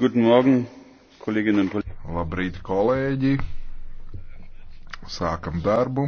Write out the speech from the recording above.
Guten Morgen, Kolleginnen und Kollegen. Labrīt, kolēģi! Sākam darbu.